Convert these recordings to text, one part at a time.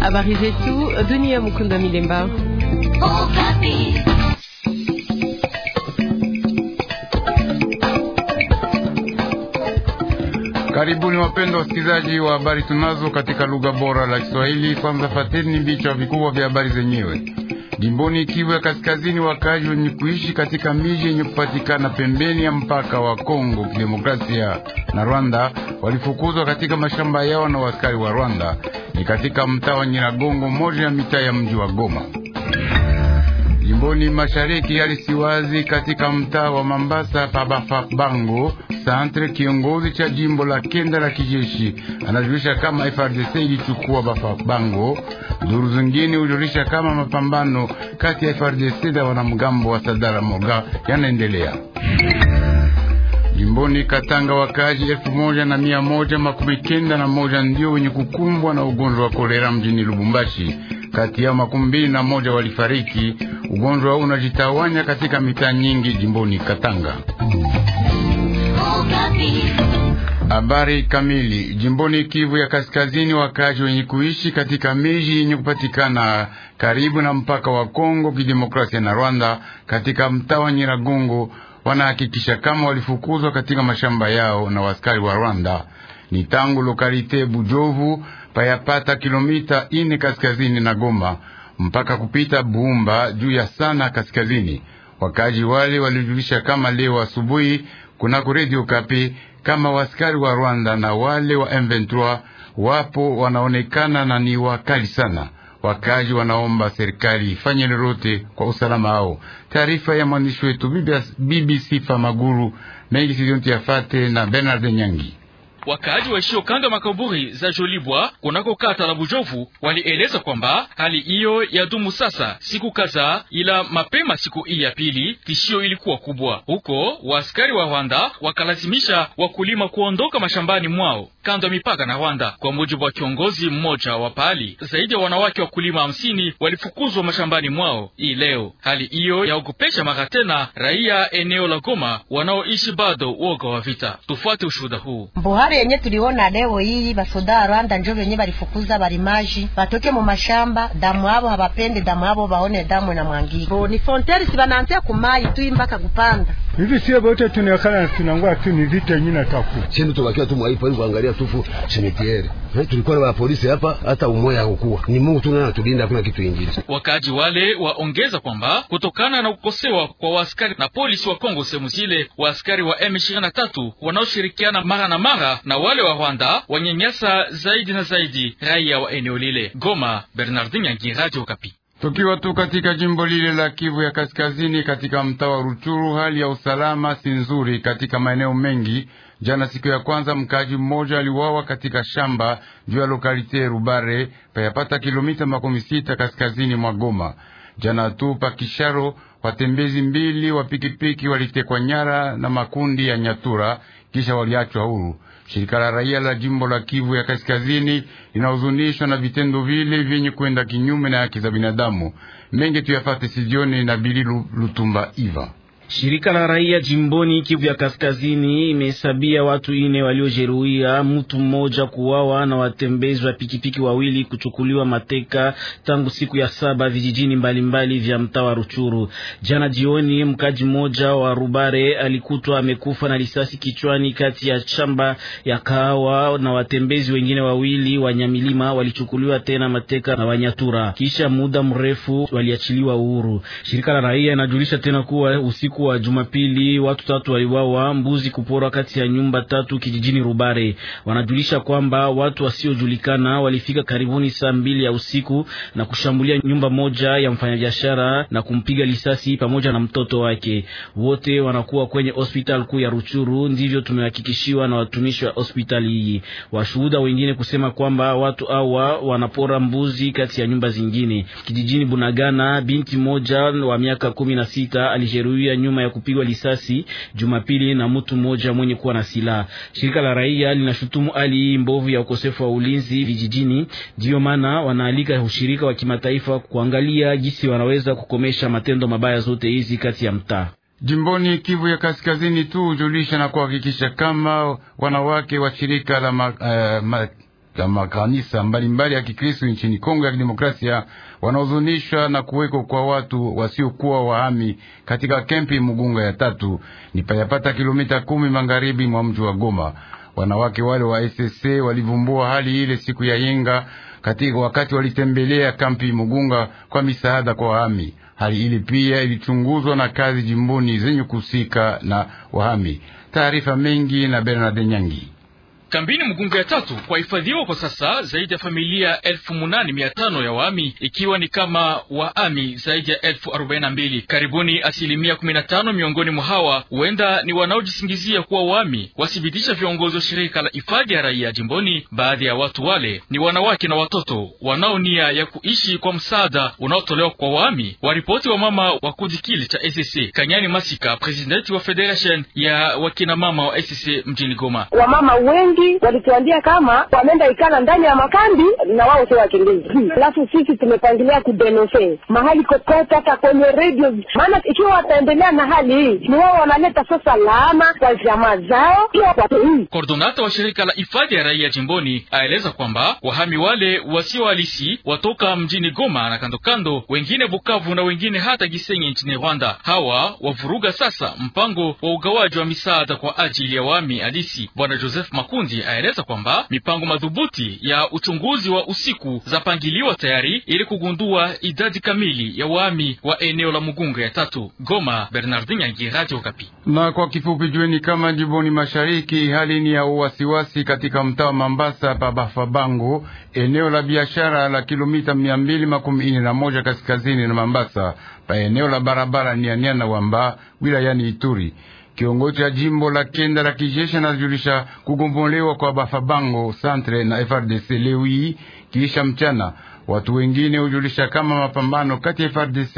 Habari zetu dunia. Mukunda Milemba. Karibuni wapendwa wasikilizaji wa habari tunazo katika lugha bora la Kiswahili. Kwanza fateni vichwa vikubwa vya habari zenyewe. Jimboni Kivu ya Kaskazini, wakazi wenye kuishi katika miji yenye kupatikana pembeni ya mpaka wa Kongo Kidemokrasia na Rwanda walifukuzwa katika mashamba yao na askari wa Rwanda. Ni katika mtaa wa Nyiragongo, moja ya mitaa ya mji wa Goma. Jimboni Mashariki, hali si wazi katika mtaa wa Mambasa, pabafabango Santre, kiongozi cha jimbo la kenda la kijeshi, anajulisha kama FRDC ilichukua Bafabango. Duru zingine hujulisha kama mapambano kati ya FRDC na wanamgambo wa moga yanaendelea. Jimboni Katanga wakazi elfu moja na mia moja makumi kenda na moja ndio wenye kukumbwa na ugonjwa wa kolera mjini Lubumbashi. Kati yao makumi mbili na moja walifariki. Ugonjwa unajitawanya katika mitaa nyingi jimboni Katanga. Habari kamili jimboni Kivu ya Kaskazini, wakaji wenye kuishi katika miji yenye kupatikana karibu na mpaka wa Kongo Kidemokrasia na Rwanda katika mtaa wa Nyiragongo wanahakikisha kama walifukuzwa katika mashamba yao na waskari wa Rwanda. Ni tangu lokalite Bujovu payapata kilomita ine kaskazini na Goma mpaka kupita Buumba juu ya sana kaskazini. wakaji wale walijulisha kama leo asubuhi kunako redio Kapi kama waskari wa Rwanda na wale wa M23 wapo wanaonekana na ni wakali sana. Wakaji wanaomba serikali ifanye lolote kwa usalama wao. Taarifa ya mwandishi wetu BBC Famaguru mengi sizonti yafate na Bernard Nyangi. Wakaaji waishio kando ya makaburi za Jolibwa kunako kata la Bujovu walieleza kwamba hali hiyo yadumu sasa siku kadhaa, ila mapema siku hii ya pili tishio ilikuwa kubwa huko. Waaskari wa Rwanda wakalazimisha wakulima kuondoka mashambani mwao kando ya mipaka na Rwanda. Kwa mujibu wa kiongozi mmoja wa pahali, zaidi ya wanawake wakulima hamsini walifukuzwa mashambani mwao hii leo. Hali hiyo yaogopesha mara tena raia eneo la Goma wanaoishi bado woga wa vita. Tufuate ushuhuda huu. Mbuhari yenye tuliona leo hii, basoda ya Rwanda njo venye balifukuza balimaji batoke mu mashamba, damu abo habapende damu abo baone damu na mwangi bo ni fonteri si banaanzia tu mpaka kupanda hivi sio bote na tunangua tu ni vita nyingine taku chini tubakia tu mwaipo hivi kuangalia tufu semetiere eh, tulikuwa na polisi hapa, hata umoja hukua Ni Mungu tu anatulinda, kuna kitu kingine. Wakaaji wale waongeza kwamba kutokana na kukosewa kwa waaskari na polisi wa Kongo sehemu zile, waaskari wa M23 wanaoshirikiana mara na mara na wale wa Rwanda wanyanyasa zaidi na zaidi raia wa eneo lile. Goma, Bernardin Yangi, Radio Kapi. Tukiwa tu katika jimbo lile la Kivu ya Kaskazini, katika mtaa wa Ruchuru, hali ya usalama si nzuri katika maeneo mengi. Jana siku ya kwanza, mkaji mmoja aliuawa katika shamba juu ya lokalite Rubare payapata kilomita makumi sita kaskazini mwa Goma. Jana tu pakisharo, watembezi mbili wa pikipiki walitekwa nyara na makundi ya Nyatura, kisha waliachwa huru. Shirika la raia la jimbo la Kivu ya Kaskazini linahuzunishwa na vitendo vile vyenye kwenda kinyume na haki za binadamu. Mengi tuyafate sijioni na Bili Lutumba Iva. Shirika la raia jimboni Kivu ya Kaskazini imehesabia watu ine waliojeruhiwa, mtu mmoja kuwawa na watembezi wa pikipiki wawili kuchukuliwa mateka tangu siku ya saba vijijini mbalimbali vya mtaa wa Ruchuru. Jana jioni, mkaji mmoja wa Rubare alikutwa amekufa na risasi kichwani kati ya shamba ya kahawa, na watembezi wengine wawili Wanyamilima walichukuliwa tena mateka na Wanyatura, kisha muda mrefu waliachiliwa uhuru. Shirika la raia inajulisha tena kuwa usiku usiku wa Jumapili watu tatu waliwawa mbuzi kuporwa kati ya nyumba tatu kijijini Rubare. Wanajulisha kwamba watu wasiojulikana walifika karibuni saa mbili ya usiku na kushambulia nyumba moja ya mfanyabiashara na kumpiga lisasi pamoja na mtoto wake. Wote wanakuwa kwenye hospitali kuu ya Ruchuru, ndivyo tumehakikishiwa na watumishi wa hospitali hii. Washuhuda wengine kusema kwamba watu hawa wanapora mbuzi kati ya nyumba zingine kijijini Bunagana. Binti moja wa miaka kumi na sita alijeruhiwa nyuma ya kupigwa risasi Jumapili na mtu mmoja mwenye kuwa na silaha. Shirika la raia linashutumu hali hii mbovu ya ukosefu wa ulinzi vijijini, ndiyo maana wanaalika ushirika wa kimataifa kuangalia jinsi wanaweza kukomesha matendo mabaya zote hizi kati ya mtaa jimboni Kivu ya Kaskazini tu hujulisha na kuhakikisha kama wanawake wa shirika la ma, uh, ma, za makanisa mbalimbali ya Kikristo nchini Kongo ya Kidemokrasia wanaozunishwa na kuweko kwa watu wasiokuwa wahami katika kempi Mugunga ya tatu ni payapata kilomita kumi magharibi mwa mji wa Goma. Wanawake wale wa SSC walivumbua hali ile siku ya yenga katika wakati walitembelea kampi Mugunga kwa misaada kwa wahami. Hali ile pia ilichunguzwa na kazi jimboni zenye kuhusika na wahami. Taarifa mengi na Bernard Nyangi. Kambini Mgunga ya tatu kwa hifadhiwa kwa sasa zaidi ya familia elfu munane mia tano ya waami ikiwa ni kama waami zaidi ya elfu arobaini na mbili. Karibuni asilimia kumi na tano miongoni mwa hawa huenda ni wanaojisingizia kuwa waami, wasibitisha viongozi wa shirika la hifadhi ya raia jimboni. Baadhi ya watu wale ni wanawake na watoto wanao nia ya kuishi kwa msaada unaotolewa kwa waami, waripoti wa mama wa kundi kile cha SSC. Kanyani Masika, presidenti wa federation ya wakinamama wa SSC mjini Goma. Wamama wengi wakati walituambia kama wameenda ikala ndani ya makambi na wao sio wakimbizi. Alafu sisi tumepangilia kudenose mahali kokote, hata kwenye radio, maana ikiwa wataendelea na hali hii ni wao wanaleta sasa laama kwa jamaa zao. Kordonata wa shirika la hifadhi ya raia jimboni aeleza kwamba wahami wale wasio halisi watoka mjini Goma na kandokando, wengine Bukavu na wengine hata Gisenyi nchini Rwanda. Hawa wavuruga sasa mpango wa ugawaji wa misaada kwa ajili ya wami halisi. Bwana Joseph Makundi Burundi aeleza kwamba mipango madhubuti ya uchunguzi wa usiku zapangiliwa tayari ili kugundua idadi kamili ya waami wa eneo la Mugunga ya tatu. Goma, Bernardin Yangi, Radio Okapi. Na kwa kifupi jueni kama jiboni mashariki hali ni ya uwasiwasi katika mtaa wa Mambasa pa Bafabango, eneo la biashara la kilomita mia mbili makumi ine na moja kaskazini na Mambasa pa eneo la barabara Nianiana Wamba wilayani Ituri. Kiongozi cha jimbo la kenda la kijeshi anajulisha kugombolewa kwa Bafabango Centre na FRDC lewi kisha mchana. Watu wengine hujulisha kama mapambano kati ya FRDC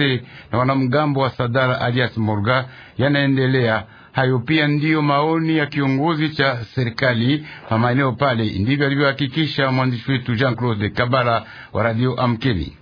na wanamgambo wa Sadara alias Morga yanaendelea. Hayo pia ndiyo maoni ya kiongozi cha serikali pa maeneo pale, ndivyo alivyohakikisha mwandishi wetu Jean Claude Kabala wa Radio amkeli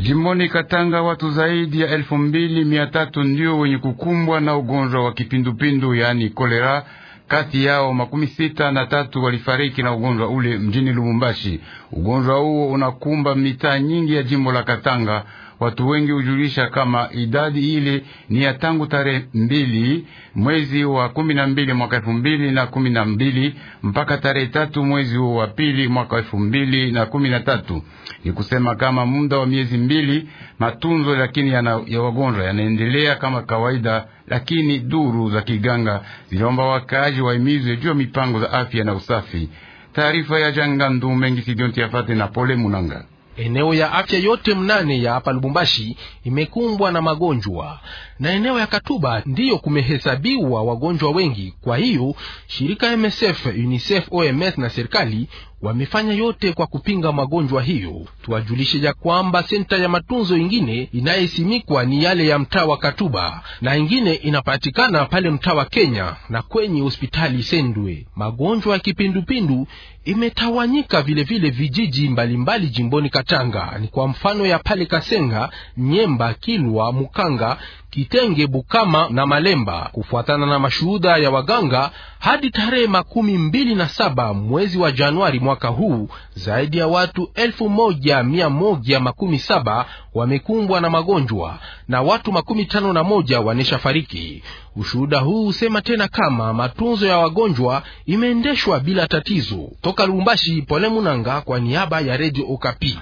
Jimboni Katanga watu zaidi ya elfu mbili mia tatu ndio wenye kukumbwa na ugonjwa wa kipindupindu yaani kolera. Kati yao makumi sita na tatu walifariki na ugonjwa ule mjini Lubumbashi. Ugonjwa huo unakumba mitaa nyingi ya jimbo la Katanga. Watu wengi hujulisha kama idadi ile ni ya tangu tarehe mbili mwezi wa kumi na mbili mwaka elfu mbili na kumi na mbili mpaka tarehe tatu mwezi wa pili mwaka elfu mbili na kumi na tatu. Ni kusema kama muda wa miezi mbili matunzo lakini yana, ya wagonjwa yanaendelea kama kawaida, lakini duru za kiganga zinaomba wakaaji waimizwe juu ya mipango za afya na usafi. Taarifa ya Janga Ndumengi Sidonti Yafate na Pole Munanga. Eneo ya afya yote mnane ya hapa Lubumbashi imekumbwa na magonjwa na eneo ya Katuba ndiyo kumehesabiwa wagonjwa wengi. Kwa hiyo shirika MSF, UNICEF, OMS na serikali wamefanya yote kwa kupinga magonjwa hiyo. Tuwajulishe ya kwamba senta ya matunzo ingine inayesimikwa ni yale ya mtaa wa Katuba na ingine inapatikana pale mtaa wa Kenya na kwenye hospitali Sendwe. Magonjwa ya kipindupindu imetawanyika vilevile vile vijiji mbalimbali mbali jimboni Katanga, ni kwa mfano ya pale Kasenga, Nyemba, Kilwa, Mukanga, Kit Kitenge, Bukama na Malemba, kufuatana na mashuhuda ya waganga. Hadi tarehe makumi mbili na saba mwezi wa Januari mwaka huu, zaidi ya watu elfu moja mia moja makumi saba wamekumbwa na magonjwa na watu makumi tano na moja wanesha fariki. Ushuhuda huu husema tena kama matunzo ya wagonjwa imeendeshwa bila tatizo. Toka Lubumbashi, Pole Munanga kwa niaba ya Redio Okapi.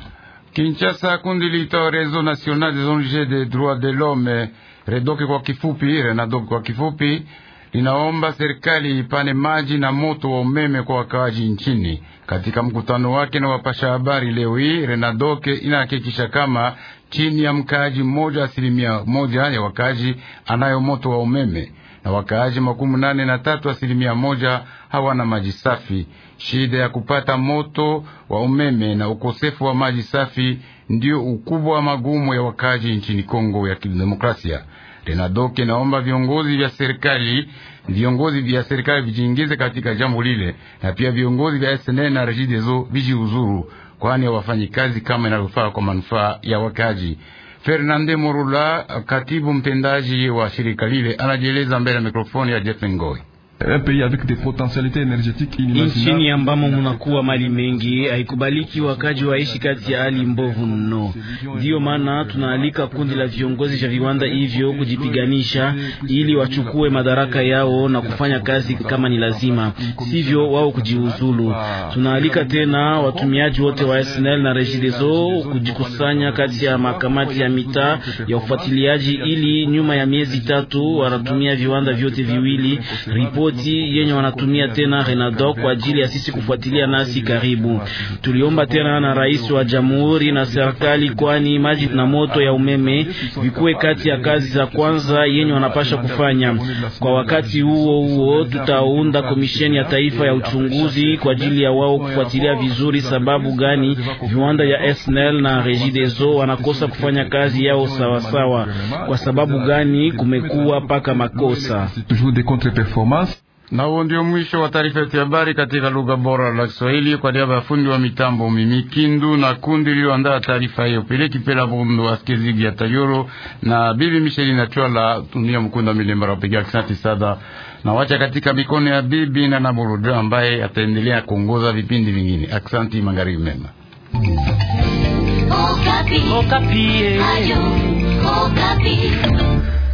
Kinshasa, kundi liitwa Reseau National des ONG de Droits de l'Homme, Redoke kwa kifupi, Renadoke kwa kifupi, linaomba serikali ipane maji na moto wa umeme kwa wakaaji nchini. Katika mkutano wake na wapasha habari leo hii, Renadoke inahakikisha kama chini ya mkaaji mmoja asilimia moja ya wakaaji anayo moto wa umeme na wakaaji makumi nane na tatu asilimia moja hawana maji safi. Shida ya kupata moto wa umeme na ukosefu wa maji safi ndio ukubwa wa magumu ya wakaaji nchini Kongo ya Kidemokrasia. Renadoke naomba viongozi vya serikali viongozi vya serikali vijiingize katika jambo lile, na pia viongozi vya sn na Regideso vijiuzuru, kwani hawafanyi kazi kama inavyofaa kwa manufaa ya wakaaji. Fernande Morula, katibu mtendaji wa shirika lile, anajieleza mbele ya mikrofoni ya Jeff Ngoi nchini ambamo munakuwa mali mengi, haikubaliki wakaji waishi kati ya hali mbovu mno. Ndiyo maana tunaalika kundi la viongozi vya viwanda hivyo kujipiganisha ili wachukue madaraka yao na kufanya kazi kama ni lazima, sivyo wao kujiuzulu. Tunaalika tena watumiaji wote wa SNL na Regideso kujikusanya kati ya makamati ya mitaa ya ufuatiliaji, ili nyuma ya miezi tatu wanatumia viwanda vyote viwili ripoti roboti yenye wanatumia tena Renado kwa ajili ya sisi kufuatilia nasi karibu. Tuliomba tena na rais wa jamhuri na serikali, kwani maji na moto ya umeme vikuwe kati ya kazi za kwanza yenye wanapasha kufanya. Kwa wakati huo huo, tutaunda komisheni ya taifa ya uchunguzi kwa ajili ya wao kufuatilia vizuri sababu gani viwanda ya SNEL na Regideso wanakosa kufanya kazi yao sawasawa, kwa sababu gani kumekuwa paka makosa na huo ndio mwisho wa taarifa yetu ya habari katika lugha bora la Kiswahili kwa niaba ya fundi wa mitambo Mimi Kindu na kundi lililoandaa taarifa hiyo Peleki Pela Bondo Askezigi ya Tayoro na Bibi Misheli na Chwala Tunia Mkunda Milembara wapiga aksanti sada na wacha katika mikono ya Bibi na Naborodo ambaye ataendelea kuongoza vipindi vingine. aksanti magharibi mema. Okapi. Okapi. Eh. Ayo, Okapi.